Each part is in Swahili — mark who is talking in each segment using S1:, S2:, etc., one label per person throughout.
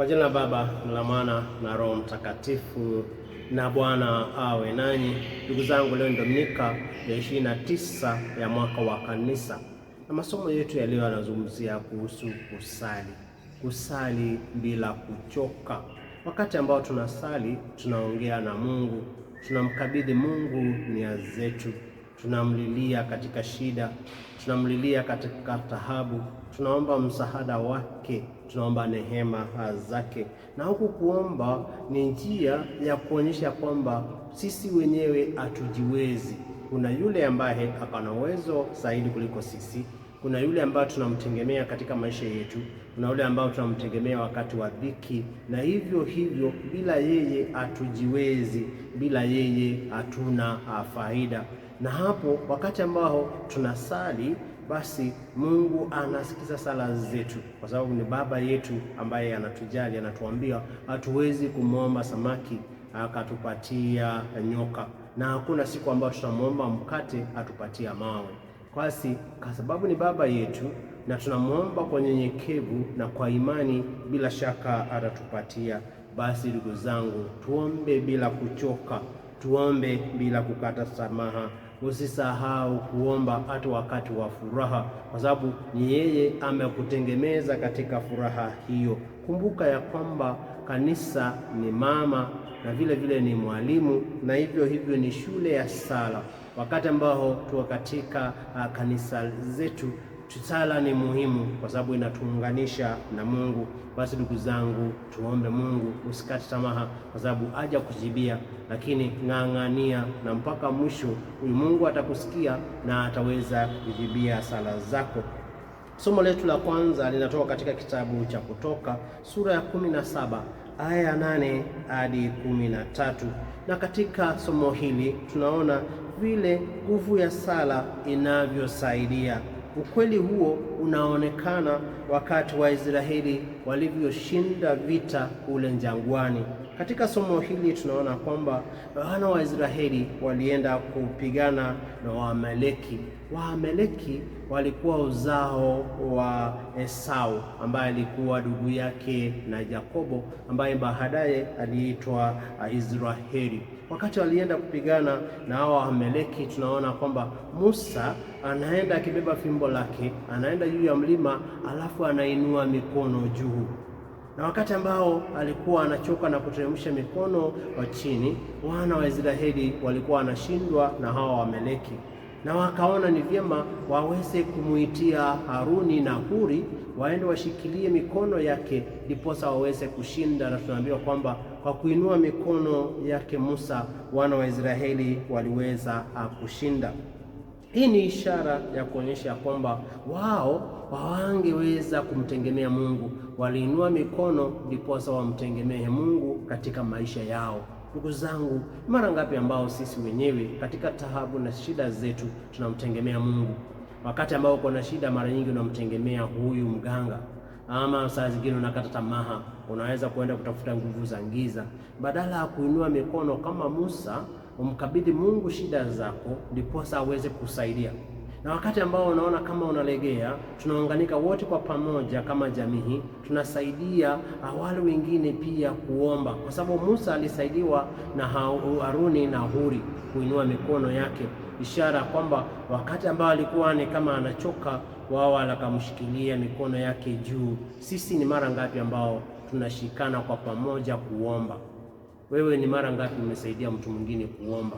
S1: Kwa jina la Baba la Mwana na Roho Mtakatifu na Bwana awe nanyi. Ndugu zangu, leo ni Dominika ya ishirini na tisa ya mwaka wa Kanisa, na masomo yetu ya leo yanazungumzia kuhusu kusali, kusali bila kuchoka. Wakati ambao tunasali, tunaongea na Mungu, tunamkabidhi Mungu nia zetu, tunamlilia katika shida, tunamlilia katika tahabu, tunaomba msaada wake tunaomba nehema zake, na huku kuomba ni njia ya kuonyesha kwamba sisi wenyewe hatujiwezi. Kuna yule ambaye hapana uwezo zaidi kuliko sisi, kuna yule ambaye tunamtegemea katika maisha yetu, kuna yule ambaye tunamtegemea wakati wa dhiki, na hivyo hivyo, bila yeye hatujiwezi, bila yeye hatuna ah, faida. Na hapo wakati ambao tunasali basi Mungu anasikiza sala zetu, kwa sababu ni baba yetu ambaye anatujali. Anatuambia hatuwezi kumwomba samaki akatupatia nyoka, na hakuna siku ambayo tutamwomba mkate atupatia mawe. Basi kwa sababu ni baba yetu na tunamwomba kwa nyenyekevu na kwa imani, bila shaka atatupatia. Basi ndugu zangu, tuombe bila kuchoka, tuombe bila kukata samaha. Usisahau kuomba hata wakati wa furaha, kwa sababu ni yeye amekutengemeza katika furaha hiyo. Kumbuka ya kwamba kanisa ni mama na vile vile ni mwalimu, na hivyo hivyo ni shule ya sala. Wakati ambao tuko katika ah, kanisa zetu sala ni muhimu kwa sababu inatuunganisha na Mungu. Basi ndugu zangu, tuombe Mungu, usikate tamaa kwa sababu aja kujibia, lakini ng'ang'ania na mpaka mwisho. Huyu Mungu atakusikia na ataweza kujibia sala zako. Somo letu la kwanza linatoka katika kitabu cha Kutoka sura ya kumi na saba aya ya nane hadi kumi na tatu na katika somo hili tunaona vile nguvu ya sala inavyosaidia Ukweli huo unaonekana wakati Israeli walivyoshinda vita kule jangwani. Katika somo hili tunaona kwamba wana wa Israeli walienda kupigana na Waamaleki. Waameleki walikuwa uzao wa Esau ambaye alikuwa ndugu yake na Yakobo ambaye baadaye aliitwa israheli Wakati walienda kupigana na hao Waameleki, tunaona kwamba Musa anaenda akibeba fimbo lake, anaenda juu ya mlima, alafu anainua mikono juu na wakati ambao alikuwa anachoka na kuteremsha mikono wa chini, wana wa Israeli walikuwa wanashindwa na hawa wameleki na wakaona ni vyema waweze kumuitia Haruni na Huri waende washikilie mikono yake, ndiposa waweze kushinda. Na tunaambiwa kwamba kwa kuinua mikono yake Musa, wana wa Israeli waliweza ah, kushinda. Hii ni ishara ya kuonyesha kwamba wao wawangeweza kumtegemea Mungu, waliinua mikono ndiposa wamtegemee Mungu katika maisha yao. Ndugu zangu, mara ngapi ambao sisi wenyewe katika taabu na shida zetu tunamtegemea Mungu? Wakati ambao uko na shida, mara nyingi unamtegemea huyu mganga, ama saa zingine unakata tamaha, unaweza kuenda kutafuta nguvu za giza, badala ya kuinua mikono kama Musa, umkabidhi Mungu shida zako, ndiposa aweze kusaidia na wakati ambao unaona kama unalegea, tunaunganika wote kwa pamoja kama jamii, tunasaidia awali wengine pia kuomba, kwa sababu Musa alisaidiwa na Haruni na Huri kuinua mikono yake, ishara kwamba wakati ambao alikuwa ni kama anachoka, wao akamshikilia mikono yake juu. Sisi ni mara ngapi ambao tunashikana kwa pamoja kuomba? Wewe ni mara ngapi umesaidia mtu mwingine kuomba?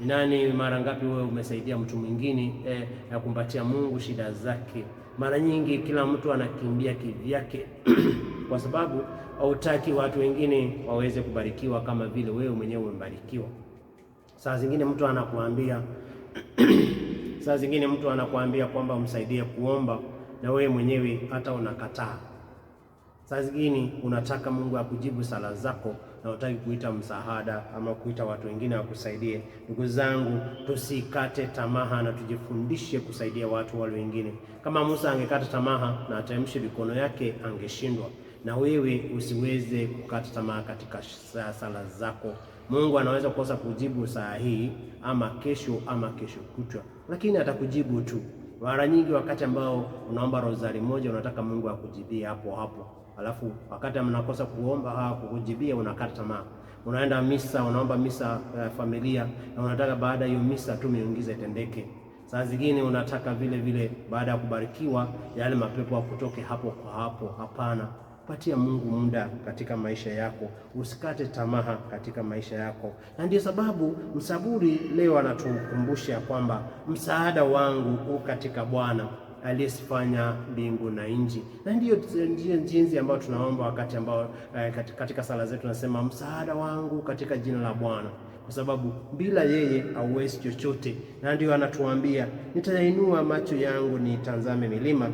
S1: nani, mara ngapi wewe umesaidia mtu mwingine eh, na kumpatia Mungu shida zake? Mara nyingi kila mtu anakimbia kivyake kwa sababu hautaki watu wengine waweze kubarikiwa kama vile wewe mwenyewe umebarikiwa. Saa zingine mtu anakuambia saa zingine mtu anakuambia kwamba umsaidie kuomba, na wewe mwenyewe hata unakataa. Saa zingine unataka Mungu akujibu sala zako na hutaki kuita msaada ama kuita watu wengine wakusaidie. Ndugu zangu, tusikate tamaha na tujifundishe kusaidia watu wale wengine. Kama Musa angekata tamaha na atamshe mikono yake, angeshindwa. Na wewe usiweze kukata tamaa katika sala zako. Mungu anaweza kukosa kujibu saa hii ama kesho ama kesho kutwa, lakini atakujibu tu. Mara nyingi wakati ambao unaomba rozari moja, unataka Mungu akujibie hapo hapo alafu wakati mnakosa kuomba kukujibia, unakata tamaa, unaenda misa, unaomba misa ya eh, familia na unataka baada ya hiyo misa tu miungize itendeke. Saa zingine unataka vile vile baada ya kubarikiwa yale mapepo akutoke hapo kwa hapo. Hapana, patia Mungu muda katika maisha yako, usikate tamaa katika maisha yako. Na ndiyo sababu msaburi leo anatukumbusha kwamba msaada wangu u katika Bwana aliyesifanya mbingu na nchi. Na ndiyo jinsi ambayo tunaomba wakati ambao eh, katika sala zetu nasema msaada wangu katika jina la Bwana, kwa sababu bila yeye hauwezi chochote. Na ndiyo anatuambia nitayainua macho yangu ni tanzame milima,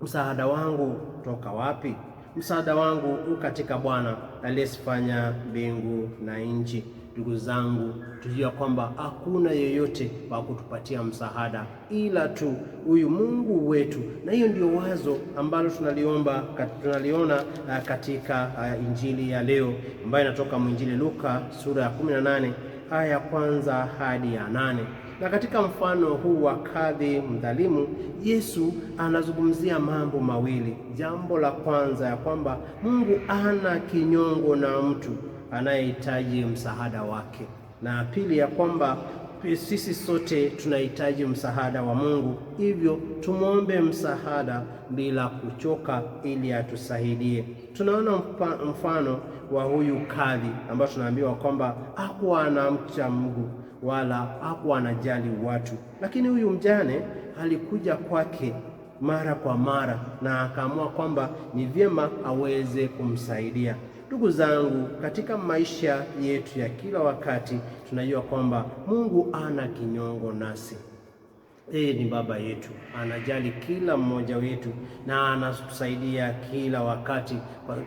S1: msaada wangu toka wapi? Msaada wangu u katika Bwana aliyesifanya mbingu na nchi. Ndugu zangu, tujua kwamba hakuna yeyote wa kutupatia msaada ila tu huyu Mungu wetu, na hiyo ndio wazo ambalo tunaliomba tunaliona ah, katika ah, injili ya leo ambayo inatoka mwinjili Luka sura ya 18 aya ya kwanza hadi ya nane. Na katika mfano huu wa kadhi mdhalimu, Yesu anazungumzia mambo mawili. Jambo la kwanza ya kwamba Mungu ana kinyongo na mtu anayehitaji msaada wake, na pili ya kwamba eh, sisi sote tunahitaji msaada wa Mungu, hivyo tumwombe msaada bila kuchoka, ili atusaidie. Tunaona mfano wa huyu kadhi ambao tunaambiwa kwamba hakuwa anamcha Mungu wala hakuwa anajali watu, lakini huyu mjane alikuja kwake mara kwa mara na akaamua kwamba ni vyema aweze kumsaidia. Ndugu zangu, katika maisha yetu ya kila wakati tunajua kwamba Mungu ana kinyongo nasi. Yeye ni baba yetu, anajali kila mmoja wetu na anatusaidia kila wakati,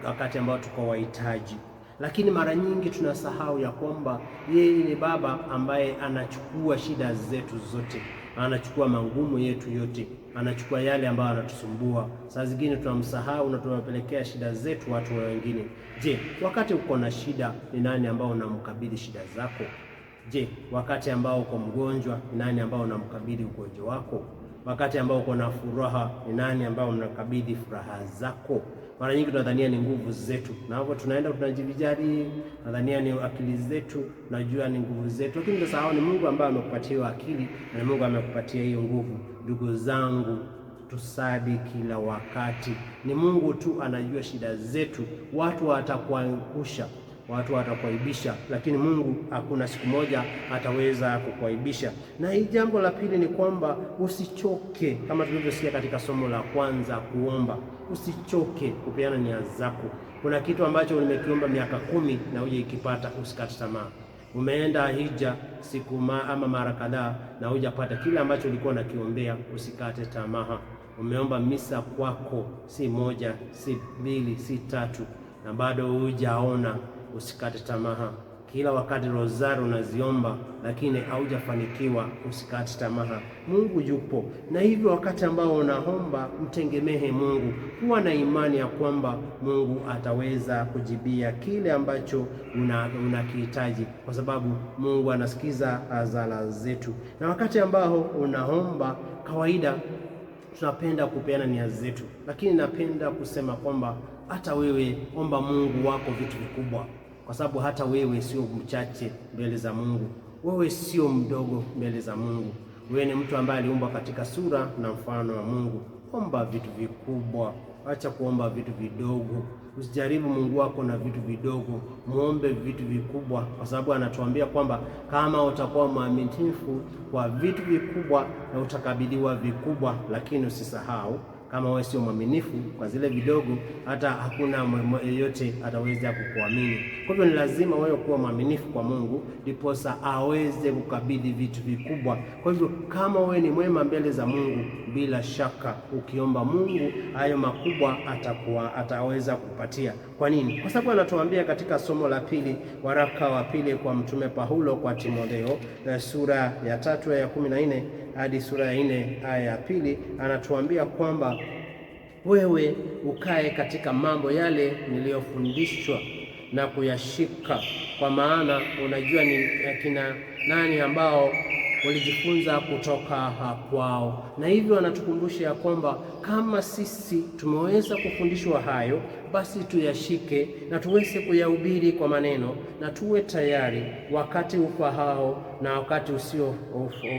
S1: wakati ambao tuko wahitaji. Lakini mara nyingi tunasahau ya kwamba yeye ni baba ambaye anachukua shida zetu zote, anachukua magumu yetu yote anachukua yale ambayo anatusumbua. Saa zingine tunamsahau na tunawapelekea shida zetu watu wengine. Je, wakati uko na shida ni nani ambao unamkabidhi shida zako? Je, wakati ambao uko mgonjwa ni nani ambao unamkabidhi ugonjwa wako? Wakati ambao uko na furaha ni nani ambao unakabidhi furaha zako? mara nyingi tunadhania ni nguvu zetu, na hapo tunaenda tunajivijali, nadhania ni akili zetu, najua ni nguvu zetu, lakini tunasahau ni Mungu ambaye amekupatia akili na Mungu amekupatia hiyo nguvu. Ndugu zangu, tusali kila wakati. Ni Mungu tu anajua shida zetu. Watu watakuangusha, watu watakuaibisha, lakini Mungu hakuna siku moja ataweza kukuaibisha. Na hii jambo la pili ni kwamba usichoke, kama tulivyosikia katika somo la kwanza, kuomba usichoke kupeana nia zako. Kuna kitu ambacho nimekiomba miaka kumi na uje ikipata, usikate tamaa. Umeenda hija siku ma, ama mara kadhaa na hujapata kile ambacho ulikuwa unakiombea, usikate tamaa. Umeomba misa kwako si moja si mbili si tatu na bado hujaona, usikate tamaa. Kila wakati rozari unaziomba lakini haujafanikiwa, usikate tamaa. Mungu yupo, na hivyo wakati ambao unaomba mtengemehe Mungu. Kuwa na imani ya kwamba Mungu ataweza kujibia kile ambacho unakihitaji, una kwa sababu Mungu anasikiza azala zetu. Na wakati ambao unaomba kawaida tunapenda kupeana nia zetu, lakini napenda kusema kwamba hata wewe omba Mungu wako vitu vikubwa kwa sababu hata wewe sio mchache mbele za Mungu, wewe sio mdogo mbele za Mungu. Wewe ni mtu ambaye aliumbwa katika sura na mfano wa Mungu. Omba vitu vikubwa, acha kuomba vitu vidogo. Usijaribu Mungu wako na vitu vidogo, muombe vitu vikubwa, kwa sababu anatuambia kwamba kama utakuwa mwaminifu kwa vitu vikubwa na utakabidhiwa vikubwa, lakini usisahau kama wewe sio mwaminifu kwa zile vidogo, hata hakuna yeyote ataweza kukuamini. Kwa hivyo ni lazima wewe kuwa mwaminifu kwa Mungu, ndiposa aweze kukabidhi vitu vikubwa. Kwa hivyo kama wewe ni mwema mbele za Mungu, bila shaka ukiomba Mungu hayo makubwa atakuwa ataweza kupatia. Kwa nini? Kwa sababu anatuambia katika somo la pili, waraka wa pili kwa mtume Paulo kwa Timotheo eh, sura ya tatu ya kumi na nne hadi sura ya nne aya ya pili, anatuambia kwamba wewe ukae katika mambo yale niliyofundishwa na kuyashika, kwa maana unajua ni akina eh, nani ambao walijifunza kutoka kwao. Na hivyo anatukumbusha ya kwamba kama sisi tumeweza kufundishwa hayo, basi tuyashike na tuweze kuyahubiri kwa maneno, na tuwe tayari wakati ufahao na wakati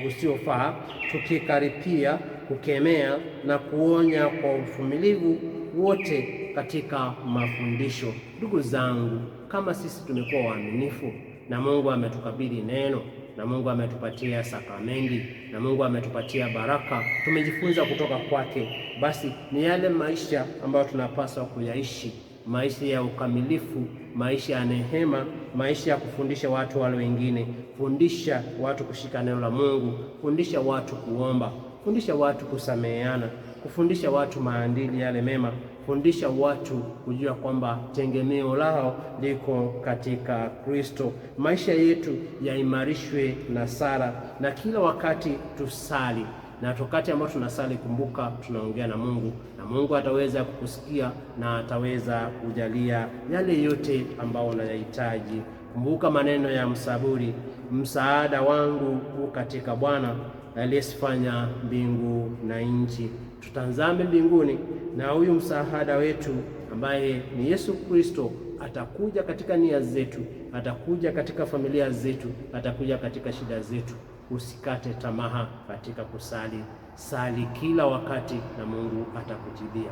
S1: usiofaa tukikaripia kukemea na kuonya kwa uvumilivu wote katika mafundisho. Ndugu zangu, kama sisi tumekuwa waaminifu na Mungu ametukabidhi neno na Mungu ametupatia sakramenti na Mungu ametupatia baraka, tumejifunza kutoka kwake, basi ni yale maisha ambayo tunapaswa kuyaishi, maisha ya ukamilifu, maisha ya nehema maisha ya kufundisha watu wale wengine, fundisha watu kushika neno la Mungu, fundisha watu kuomba fundisha watu kusameheana, kufundisha watu maadili yale mema, fundisha watu kujua kwamba tengemeo lao liko katika Kristo. Maisha yetu yaimarishwe na sala, na kila wakati tusali na wakati ambao tunasali, kumbuka tunaongea na Mungu na Mungu ataweza kukusikia na ataweza kujalia yale yote ambayo unayahitaji. Kumbuka maneno ya msaburi, msaada wangu u katika Bwana aliyesifanya mbingu na nchi. Tutanzame mbinguni, na huyu msaada wetu ambaye ni Yesu Kristo atakuja katika nia zetu, atakuja katika familia zetu, atakuja katika shida zetu. Usikate tamaha katika kusali, sali kila wakati na Mungu atakujibia.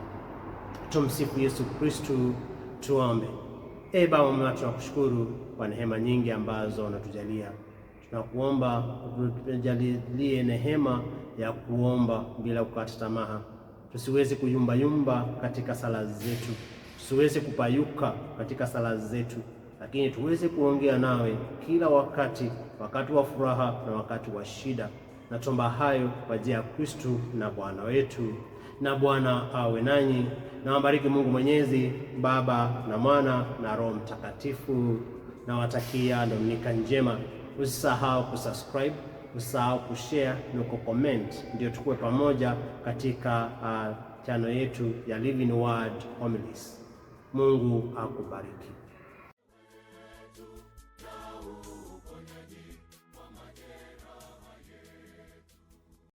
S1: Tumsifu Yesu Kristo. Tuombe. Ee Baba tunakushukuru kwa neema nyingi ambazo unatujalia na kuomba tujalie nehema ya kuomba bila kukata tamaa, tusiweze kuyumbayumba katika sala zetu, tusiweze kupayuka katika sala zetu, lakini tuweze kuongea nawe kila wakati, wakati wa furaha na wakati wa shida. Natomba hayo kwa njia ya kristu na Bwana wetu. Na Bwana awe nanyi na wabariki Mungu Mwenyezi, Baba na Mwana na Roho Mtakatifu. Nawatakia dominika njema. Usisahau kusubscribe, usisahau kushare na kucomment, ndio tukue pamoja katika uh, ah, chano yetu ya Living Word Homilies. Mungu akubariki.